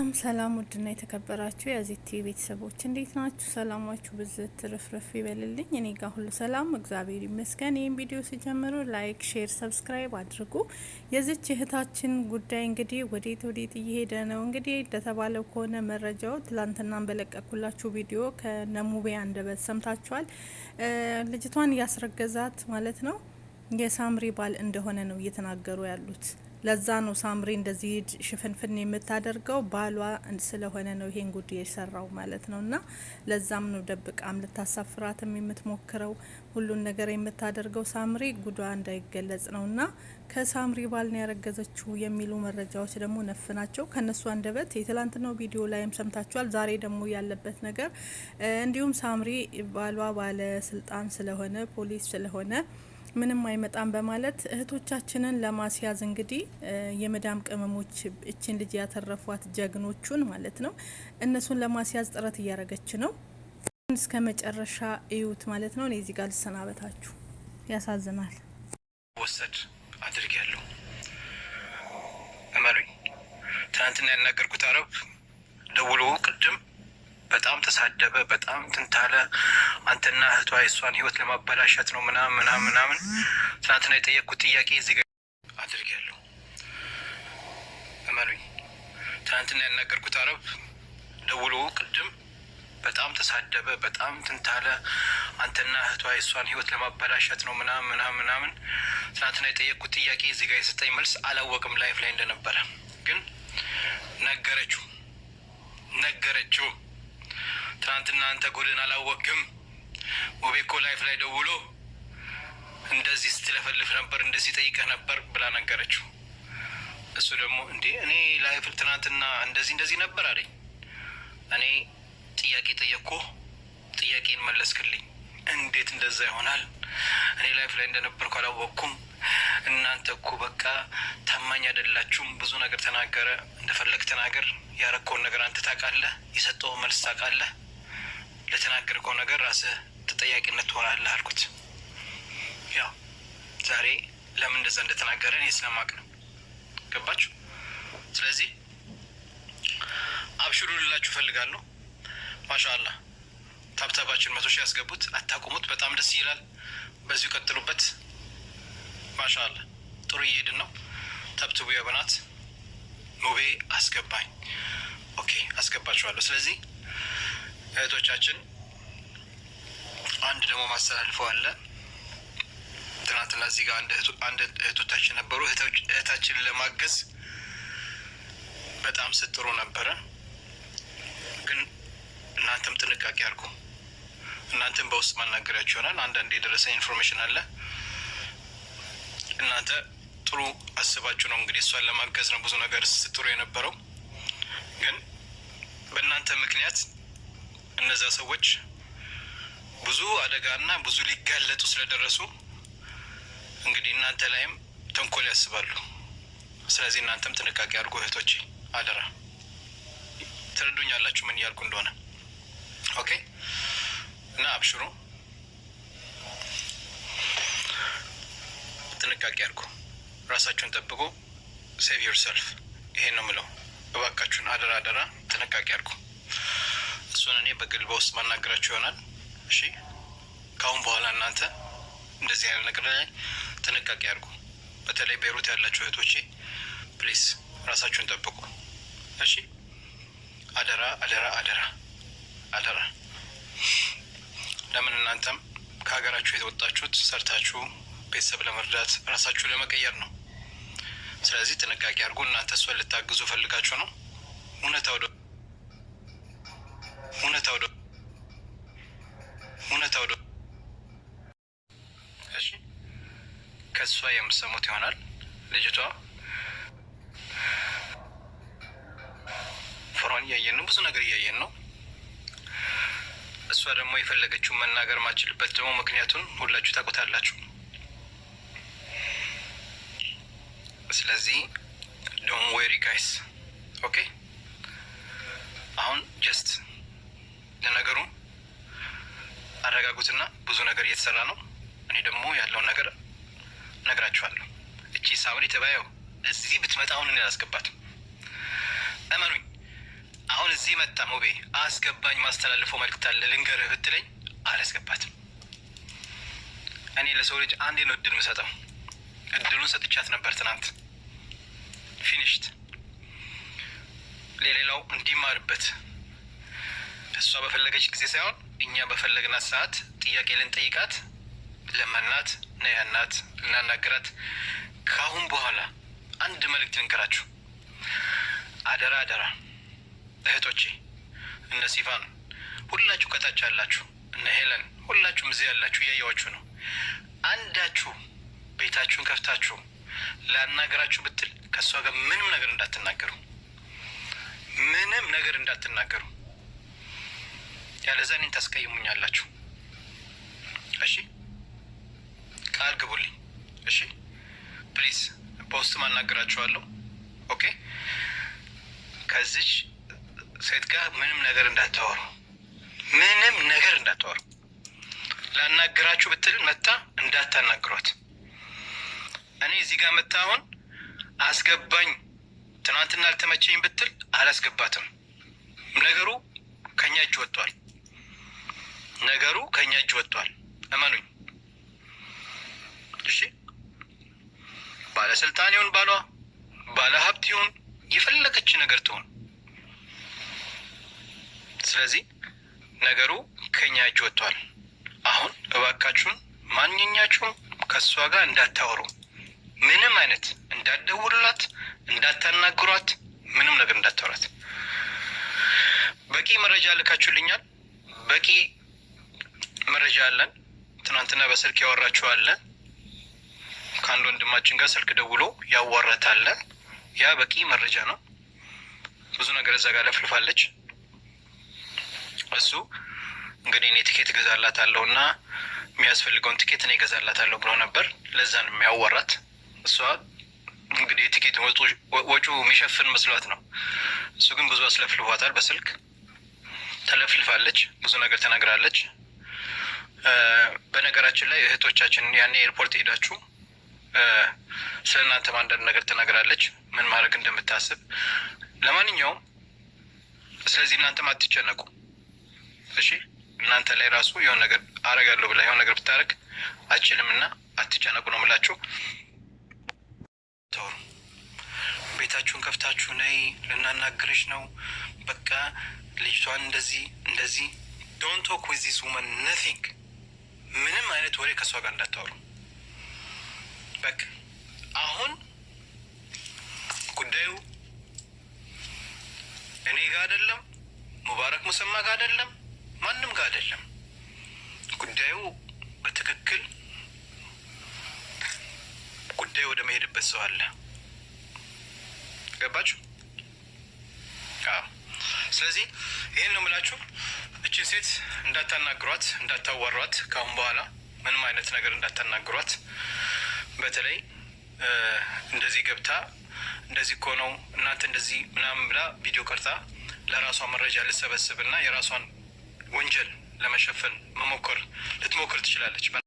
ሰላም ሰላም፣ ውድና የተከበራችሁ የአዜት ቲቪ ቤተሰቦች እንዴት ናችሁ? ሰላማችሁ ብዝት ትርፍርፍ ይበልልኝ። እኔ ጋር ሁሉ ሰላም እግዚአብሔር ይመስገን። ይህን ቪዲዮ ሲጀምሩ ላይክ፣ ሼር፣ ሰብስክራይብ አድርጉ። የዚች እህታችን ጉዳይ እንግዲህ ወዴት ወዴት እየሄደ ነው? እንግዲህ እንደተባለው ከሆነ መረጃው ትላንትናን በለቀኩላችሁ ቪዲዮ ከነሙቤ አንደበት ሰምታችኋል። ልጅቷን እያስረገዛት ማለት ነው የሳምሪ ባል እንደሆነ ነው እየተናገሩ ያሉት ለዛ ነው ሳምሪ እንደዚህ ሽፍንፍን የምታደርገው ባሏ ስለሆነ ነው ይሄን ጉድ የሰራው ማለት ነው። እና ለዛም ነው ደብቃም ልታሳፍራትም የምትሞክረው ሁሉን ነገር የምታደርገው ሳምሪ ጉዷ እንዳይገለጽ ነው። እና ከሳምሪ ባል ነው ያረገዘችው የሚሉ መረጃዎች ደግሞ ነፍ ናቸው። ከእነሱ አንደበት የትላንትናው ቪዲዮ ላይም ሰምታችኋል። ዛሬ ደግሞ ያለበት ነገር እንዲሁም ሳምሪ ባሏ ባለስልጣን ስለሆነ ፖሊስ ስለሆነ ምንም አይመጣም በማለት እህቶቻችንን ለማስያዝ እንግዲህ የመዳም ቅመሞች እችን ልጅ ያተረፏት ጀግኖቹን ማለት ነው እነሱን ለማስያዝ ጥረት እያደረገች ነው። እስከ መጨረሻ እዩት ማለት ነው። እኔ እዚህ ጋር ልሰናበታችሁ። ያሳዝናል። ወሰድ ተሰደበ፣ በጣም ትንታለ። አንተና እህቷ የእሷን ህይወት ለማበላሸት ነው ምናምን ምናምን ምናምን። ትናንትና የጠየቅኩት ጥያቄ እዚህ ጋ አድርጌያለሁ። እመኑኝ፣ ትናንትና ያናገርኩት አረብ ደውሎ ቅድም በጣም ተሳደበ፣ በጣም ትንታለ። አንተና እህቷ የእሷን ህይወት ለማበላሸት ነው ምናምን ምናምን ምናምን። ትናንትና የጠየቅኩት ጥያቄ እዚህ ጋ የሰጠኝ መልስ አላወቅም ላይፍ ላይ እንደነበረ ግን ነገረችው ነገረችው ትናንትና አንተ ጎድን አላወቅም። ውቤ እኮ ላይፍ ላይ ደውሎ እንደዚህ ስትለፈልፍ ነበር፣ እንደዚህ ጠይቀህ ነበር ብላ ነገረችው። እሱ ደግሞ እንዴ እኔ ላይፍ ትናንትና እንደዚህ እንደዚህ ነበር አለኝ። እኔ ጥያቄ ጠየቅኩ፣ ጥያቄን መለስክልኝ። እንዴት እንደዛ ይሆናል? እኔ ላይፍ ላይ እንደነበርኩ አላወቅኩም። እናንተ እኮ በቃ ታማኝ አይደላችሁም። ብዙ ነገር ተናገረ። እንደፈለግ ተናገር። ያረከውን ነገር አንተ ታውቃለህ፣ የሰጠውን መልስ ታውቃለህ። ለተናገርከው ነገር ራስህ ተጠያቂነት ትሆናለህ አልኩት። ያው ዛሬ ለምን እንደዛ እንደተናገረ እኔ ስለማቅ ነው። ገባችሁ? ስለዚህ አብሽሩ ልላችሁ እፈልጋለሁ። ማሻአላ ታብታባችን መቶ ሺህ ያስገቡት፣ አታቁሙት። በጣም ደስ ይላል። በዚሁ ቀጥሉበት። ማሻአላ ጥሩ እየሄድን ነው። ተብትቡ የበናት ሙቤ አስገባኝ። ኦኬ አስገባችኋለሁ። ስለዚህ እህቶቻችን አንድ ደግሞ ማስተላልፈው አለ። ትናንትና እዚህ ጋር አንድ እህቶቻችን ነበሩ። እህታችንን ለማገዝ በጣም ስትጥሩ ነበረ። ግን እናንተም ጥንቃቄ አድርጉ። እናንተም በውስጥ ማናገሪያችሁ ይሆናል። አንዳንድ የደረሰኝ ኢንፎርሜሽን አለ። እናንተ ጥሩ አስባችሁ ነው እንግዲህ እሷን ለማገዝ ነው ብዙ ነገር ስትጥሩ የነበረው ግን በእናንተ ምክንያት እነዚያ ሰዎች ብዙ አደጋና ብዙ ሊጋለጡ ስለደረሱ እንግዲህ እናንተ ላይም ተንኮል ያስባሉ። ስለዚህ እናንተም ጥንቃቄ አድርጎ እህቶች አደራ። ትረዱኛላችሁ ምን እያልኩ እንደሆነ ኦኬ። እና አብሽሩ፣ ጥንቃቄ አድርጎ ራሳችሁን ጠብቁ። ሴቭ ዮርሰልፍ ይሄን ነው ምለው። እባካችሁን አደራ አደራ፣ ጥንቃቄ አድርጉ። እሱን እኔ በግል በውስጥ ማናገራችሁ ይሆናል። እሺ ከአሁን በኋላ እናንተ እንደዚህ አይነት ነገር ላይ ጥንቃቄ አድርጉ። በተለይ ቤሮት ያላችሁ እህቶቼ ፕሊስ ራሳችሁን ጠብቁ። እሺ አደራ አደራ አደራ አደራ። ለምን እናንተም ከሀገራችሁ የተወጣችሁት ሰርታችሁ ቤተሰብ ለመርዳት ራሳችሁ ለመቀየር ነው። ስለዚህ ጥንቃቄ አድርጎ እናንተ እሷን ልታግዙ ፈልጋችሁ ነው እውነታው እውነታው እሺ፣ ከእሷ የምሰሙት ይሆናል። ልጅቷ ፍሯን እያየን ነው፣ ብዙ ነገር እያየን ነው። እሷ ደግሞ የፈለገችው መናገር ማችልበት ደግሞ ምክንያቱን ሁላችሁ ታውቁታላችሁ። ስለዚህ ዶን ወሪ ጋይስ ኦኬ። አሁን ጀስት ለነገሩ አረጋጉትና ብዙ ነገር እየተሰራ ነው። እኔ ደግሞ ያለውን ነገር ነግራችኋለሁ። እቺ ሳውል የተባየው እዚህ ብትመጣ አሁን እኔ አላስገባትም። እመኑኝ። አሁን እዚህ መጣ ሞቤ አስገባኝ፣ ማስተላልፈው መልክት አለ ልንገርህ ብትለኝ አላስገባትም። እኔ ለሰው ልጅ አንዴ ነው እድል ምሰጠው። እድሉን ሰጥቻት ነበር ትናንት። ፊኒሽት ለሌላው እንዲማርበት እሷ በፈለገች ጊዜ ሳይሆን እኛ በፈለግናት ሰዓት ጥያቄ ልንጠይቃት፣ ለመናት፣ ነያናት፣ ልናናግራት። ከአሁን በኋላ አንድ መልእክት ልንገራችሁ። አደራ አደራ እህቶቼ፣ እነ ሲፋን ሁላችሁ ከታች ያላችሁ፣ እነ ሄለን ሁላችሁም እዚህ ያላችሁ እያየዋችሁ ነው። አንዳችሁ ቤታችሁን ከፍታችሁ ላናገራችሁ ብትል ከእሷ ጋር ምንም ነገር እንዳትናገሩ፣ ምንም ነገር እንዳትናገሩ። ያለዛ እኔን ታስቀይሙኛላችሁ። እሺ ቃል ግቡልኝ። እሺ ፕሊዝ፣ በውስጥ ማናገራችኋለሁ። ኦኬ ከዚች ሴት ጋር ምንም ነገር እንዳታወሩ፣ ምንም ነገር እንዳታወሩ። ላናገራችሁ ብትል መታ እንዳታናግሯት። እኔ እዚህ ጋር መታ አሁን አስገባኝ ትናንትና አልተመቸኝ ብትል አላስገባትም። ነገሩ ከኛ እጅ ወጥቷል። ነገሩ ከእኛ እጅ ወጥቷል። እመኑኝ። እሺ ባለስልጣን ይሁን ባሏ፣ ባለሀብት ይሁን የፈለገች ነገር ትሆን፣ ስለዚህ ነገሩ ከእኛ እጅ ወጥቷል። አሁን እባካችሁን ማንኛችሁም ከእሷ ጋር እንዳታወሩ፣ ምንም አይነት እንዳደውሉላት፣ እንዳታናግሯት፣ ምንም ነገር እንዳታወራት። በቂ መረጃ ልካችሁልኛል። በቂ መረጃ አለን። ትናንትና በስልክ ያወራችኋለ አለ። ከአንድ ወንድማችን ጋር ስልክ ደውሎ ያዋረታለ። ያ በቂ መረጃ ነው። ብዙ ነገር እዛ ጋር ለፍልፋለች። እሱ እንግዲህ እኔ ትኬት እገዛላታለሁ እና የሚያስፈልገውን ትኬት እኔ እገዛላታለሁ ብሎ ነበር። ለዛ ነው የሚያዋራት። እሷ እንግዲህ የትኬት ወጪ የሚሸፍን መስሏት ነው። እሱ ግን ብዙ አስለፍልፏታል። በስልክ ተለፍልፋለች። ብዙ ነገር ተናግራለች። በነገራችን ላይ እህቶቻችን ያኔ ኤርፖርት ሄዳችሁ ስለ እናንተም አንዳንድ ነገር ትነግራለች፣ ምን ማድረግ እንደምታስብ። ለማንኛውም ስለዚህ እናንተም አትጨነቁ እሺ። እናንተ ላይ ራሱ የሆነ ነገር አረጋለሁ ብላ የሆነ ነገር ብታደርግ አችልም እና አትጨነቁ ነው የምላችሁ። ቤታችሁን ከፍታችሁ ነይ ልናናግርሽ ነው በቃ ልጅቷን እንደዚህ እንደዚህ ዶንት ቶክ ዊዝ ዚስ ውመን ነቲንግ ምንም አይነት ወሬ ከእሷ ጋር እንዳታወሩ። በቃ አሁን ጉዳዩ እኔ ጋር አይደለም፣ ሙባረክ ሙሰማ ጋር አይደለም፣ ማንም ጋር አይደለም። ጉዳዩ በትክክል ጉዳዩ ወደ መሄድበት ሰው አለ። ገባችሁ? ስለዚህ ይህን ነው የምላችሁ። እችን ሴት እንዳታናግሯት፣ እንዳታዋሯት። ከአሁን በኋላ ምንም አይነት ነገር እንዳታናግሯት። በተለይ እንደዚህ ገብታ እንደዚህ እኮ ነው እናንተ እንደዚህ ምናምን ብላ ቪዲዮ ቀርጻ ለራሷ መረጃ ልሰበስብ እና የራሷን ወንጀል ለመሸፈን መሞከር ልትሞክር ትችላለች።